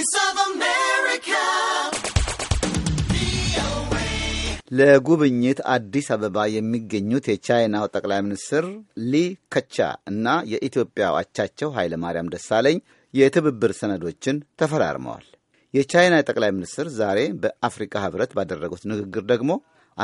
Voice of America. ለጉብኝት አዲስ አበባ የሚገኙት የቻይናው ጠቅላይ ሚኒስትር ሊ ከቻ እና የኢትዮጵያ አቻቸው ኃይለ ማርያም ደሳለኝ የትብብር ሰነዶችን ተፈራርመዋል። የቻይና ጠቅላይ ሚኒስትር ዛሬ በአፍሪካ ሕብረት ባደረጉት ንግግር ደግሞ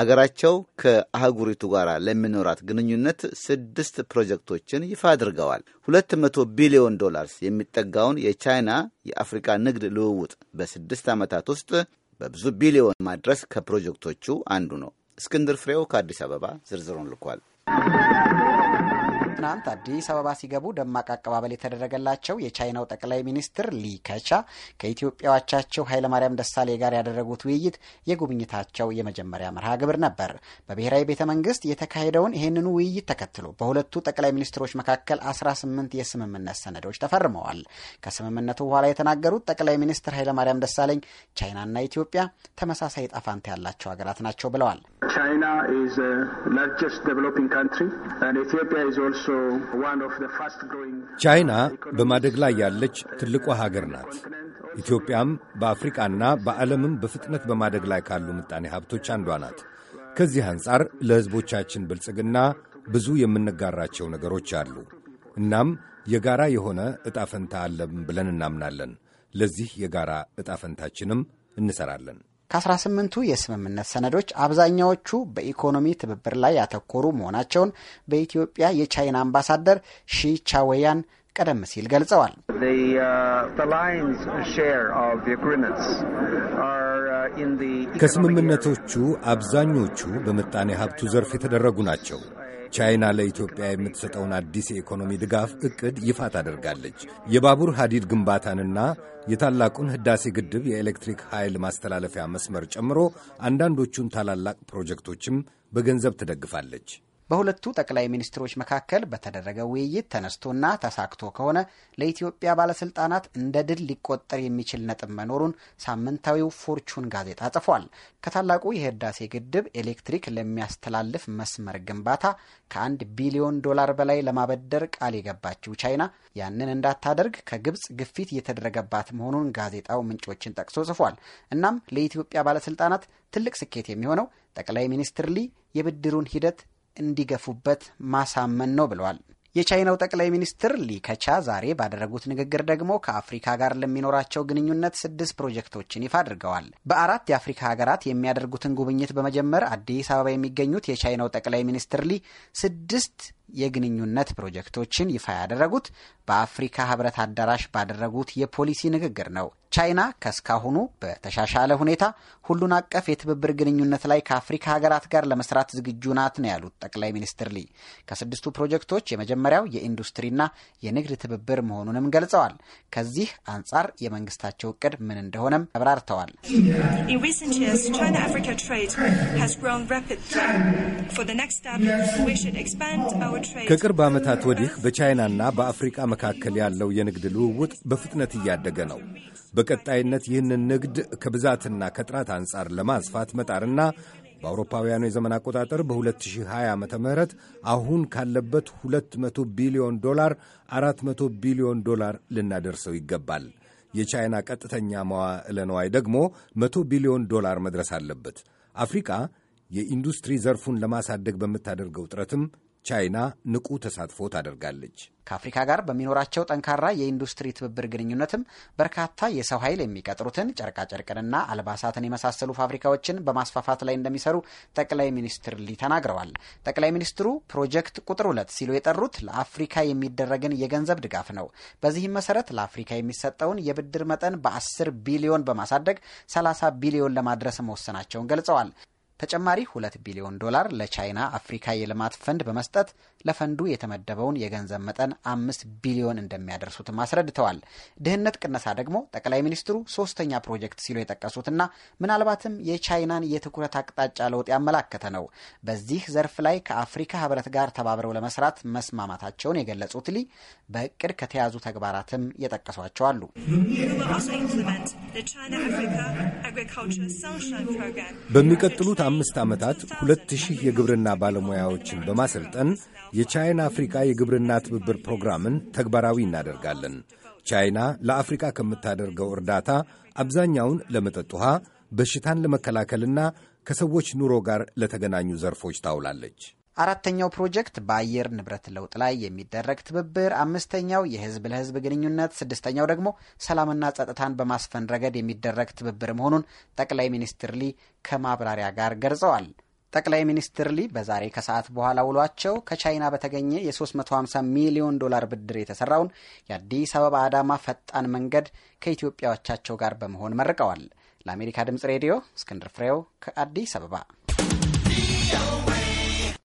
አገራቸው ከአህጉሪቱ ጋር ለሚኖራት ግንኙነት ስድስት ፕሮጀክቶችን ይፋ አድርገዋል። ሁለት መቶ ቢሊዮን ዶላርስ የሚጠጋውን የቻይና የአፍሪካ ንግድ ልውውጥ በስድስት ዓመታት ውስጥ በብዙ ቢሊዮን ማድረስ ከፕሮጀክቶቹ አንዱ ነው። እስክንድር ፍሬው ከአዲስ አበባ ዝርዝሩን ልኳል። ትናንት አዲስ አበባ ሲገቡ ደማቅ አቀባበል የተደረገላቸው የቻይናው ጠቅላይ ሚኒስትር ሊ ከቻ ከኢትዮጵያ አቻቸው ኃይለማርያም ደሳሌ ጋር ያደረጉት ውይይት የጉብኝታቸው የመጀመሪያ መርሃ ግብር ነበር። በብሔራዊ ቤተ መንግስት የተካሄደውን ይህንኑ ውይይት ተከትሎ በሁለቱ ጠቅላይ ሚኒስትሮች መካከል 18 የስምምነት ሰነዶች ተፈርመዋል። ከስምምነቱ በኋላ የተናገሩት ጠቅላይ ሚኒስትር ኃይለማርያም ደሳለኝ ቻይናና ኢትዮጵያ ተመሳሳይ ጣፋንት ያላቸው ሀገራት ናቸው ብለዋል። ቻይና ኢዝ ላርጀስት ዴቨሎፒንግ ካንትሪ ኢትዮጵያ ኢዝ ቻይና በማደግ ላይ ያለች ትልቋ ሀገር ናት። ኢትዮጵያም በአፍሪቃና በዓለምም በፍጥነት በማደግ ላይ ካሉ ምጣኔ ሀብቶች አንዷ ናት። ከዚህ አንጻር ለሕዝቦቻችን ብልጽግና ብዙ የምንጋራቸው ነገሮች አሉ። እናም የጋራ የሆነ ዕጣ ፈንታ አለም ብለን እናምናለን። ለዚህ የጋራ ዕጣ ፈንታችንም እንሠራለን። ከ18ቱ የስምምነት ሰነዶች አብዛኛዎቹ በኢኮኖሚ ትብብር ላይ ያተኮሩ መሆናቸውን በኢትዮጵያ የቻይና አምባሳደር ሺ ቻወያን ቀደም ሲል ገልጸዋል። uh, uh, ከስምምነቶቹ አብዛኞቹ በምጣኔ ሀብቱ ዘርፍ የተደረጉ ናቸው። ቻይና ለኢትዮጵያ የምትሰጠውን አዲስ የኢኮኖሚ ድጋፍ እቅድ ይፋ ታደርጋለች። የባቡር ሐዲድ ግንባታንና የታላቁን ህዳሴ ግድብ የኤሌክትሪክ ኃይል ማስተላለፊያ መስመር ጨምሮ አንዳንዶቹን ታላላቅ ፕሮጀክቶችም በገንዘብ ትደግፋለች። በሁለቱ ጠቅላይ ሚኒስትሮች መካከል በተደረገ ውይይት ተነስቶና ተሳክቶ ከሆነ ለኢትዮጵያ ባለስልጣናት እንደ ድል ሊቆጠር የሚችል ነጥብ መኖሩን ሳምንታዊው ፎርቹን ጋዜጣ ጽፏል። ከታላቁ የህዳሴ ግድብ ኤሌክትሪክ ለሚያስተላልፍ መስመር ግንባታ ከአንድ ቢሊዮን ዶላር በላይ ለማበደር ቃል የገባችው ቻይና ያንን እንዳታደርግ ከግብፅ ግፊት እየተደረገባት መሆኑን ጋዜጣው ምንጮችን ጠቅሶ ጽፏል። እናም ለኢትዮጵያ ባለስልጣናት ትልቅ ስኬት የሚሆነው ጠቅላይ ሚኒስትር ሊ የብድሩን ሂደት እንዲገፉበት ማሳመን ነው ብለዋል። የቻይናው ጠቅላይ ሚኒስትር ሊከቻ ዛሬ ባደረጉት ንግግር ደግሞ ከአፍሪካ ጋር ለሚኖራቸው ግንኙነት ስድስት ፕሮጀክቶችን ይፋ አድርገዋል። በአራት የአፍሪካ ሀገራት የሚያደርጉትን ጉብኝት በመጀመር አዲስ አበባ የሚገኙት የቻይናው ጠቅላይ ሚኒስትር ሊ ስድስት የግንኙነት ፕሮጀክቶችን ይፋ ያደረጉት በአፍሪካ ህብረት አዳራሽ ባደረጉት የፖሊሲ ንግግር ነው። ቻይና ከእስካሁኑ በተሻሻለ ሁኔታ ሁሉን አቀፍ የትብብር ግንኙነት ላይ ከአፍሪካ ሀገራት ጋር ለመስራት ዝግጁ ናት ነው ያሉት ጠቅላይ ሚኒስትር ሊ። ከስድስቱ ፕሮጀክቶች የመጀመሪያው የኢንዱስትሪና የንግድ ትብብር መሆኑንም ገልጸዋል። ከዚህ አንጻር የመንግስታቸው እቅድ ምን እንደሆነም ተብራርተዋል። ከቅርብ ዓመታት ወዲህ በቻይናና በአፍሪቃ መካከል ያለው የንግድ ልውውጥ በፍጥነት እያደገ ነው። በቀጣይነት ይህንን ንግድ ከብዛትና ከጥራት አንጻር ለማስፋት መጣርና በአውሮፓውያኑ የዘመን አቆጣጠር በ2020 ዓ ም አሁን ካለበት 200 ቢሊዮን ዶላር 400 ቢሊዮን ዶላር ልናደርሰው ይገባል። የቻይና ቀጥተኛ መዋዕለ ንዋይ ደግሞ 100 ቢሊዮን ዶላር መድረስ አለበት። አፍሪቃ የኢንዱስትሪ ዘርፉን ለማሳደግ በምታደርገው ጥረትም ቻይና ንቁ ተሳትፎ ታደርጋለች። ከአፍሪካ ጋር በሚኖራቸው ጠንካራ የኢንዱስትሪ ትብብር ግንኙነትም በርካታ የሰው ኃይል የሚቀጥሩትን ጨርቃጨርቅንና አልባሳትን የመሳሰሉ ፋብሪካዎችን በማስፋፋት ላይ እንደሚሰሩ ጠቅላይ ሚኒስትር ሊ ተናግረዋል። ጠቅላይ ሚኒስትሩ ፕሮጀክት ቁጥር ሁለት ሲሉ የጠሩት ለአፍሪካ የሚደረግን የገንዘብ ድጋፍ ነው። በዚህም መሰረት ለአፍሪካ የሚሰጠውን የብድር መጠን በ10 ቢሊዮን በማሳደግ 30 ቢሊዮን ለማድረስ መወሰናቸውን ገልጸዋል። ተጨማሪ ሁለት ቢሊዮን ዶላር ለቻይና አፍሪካ የልማት ፈንድ በመስጠት ለፈንዱ የተመደበውን የገንዘብ መጠን አምስት ቢሊዮን እንደሚያደርሱትም አስረድተዋል። ድህነት ቅነሳ ደግሞ ጠቅላይ ሚኒስትሩ ሶስተኛ ፕሮጀክት ሲሉ የጠቀሱትና ምናልባትም የቻይናን የትኩረት አቅጣጫ ለውጥ ያመላከተ ነው። በዚህ ዘርፍ ላይ ከአፍሪካ ህብረት ጋር ተባብረው ለመስራት መስማማታቸውን የገለጹት ሊ በእቅድ ከተያዙ ተግባራትም የጠቀሷቸው አሉ። በሚቀጥሉት አምስት ዓመታት ሁለት ሺህ የግብርና ባለሙያዎችን በማሰልጠን የቻይና አፍሪካ የግብርና ትብብር ፕሮግራምን ተግባራዊ እናደርጋለን። ቻይና ለአፍሪካ ከምታደርገው እርዳታ አብዛኛውን ለመጠጥ ውሃ፣ በሽታን ለመከላከልና ከሰዎች ኑሮ ጋር ለተገናኙ ዘርፎች ታውላለች። አራተኛው ፕሮጀክት በአየር ንብረት ለውጥ ላይ የሚደረግ ትብብር፣ አምስተኛው የህዝብ ለህዝብ ግንኙነት፣ ስድስተኛው ደግሞ ሰላምና ጸጥታን በማስፈን ረገድ የሚደረግ ትብብር መሆኑን ጠቅላይ ሚኒስትር ሊ ከማብራሪያ ጋር ገልጸዋል። ጠቅላይ ሚኒስትር ሊ በዛሬ ከሰዓት በኋላ ውሏቸው ከቻይና በተገኘ የ350 ሚሊዮን ዶላር ብድር የተሰራውን የአዲስ አበባ አዳማ ፈጣን መንገድ ከኢትዮጵያዎቻቸው ጋር በመሆን መርቀዋል። ለአሜሪካ ድምጽ ሬዲዮ እስክንድር ፍሬው ከአዲስ አበባ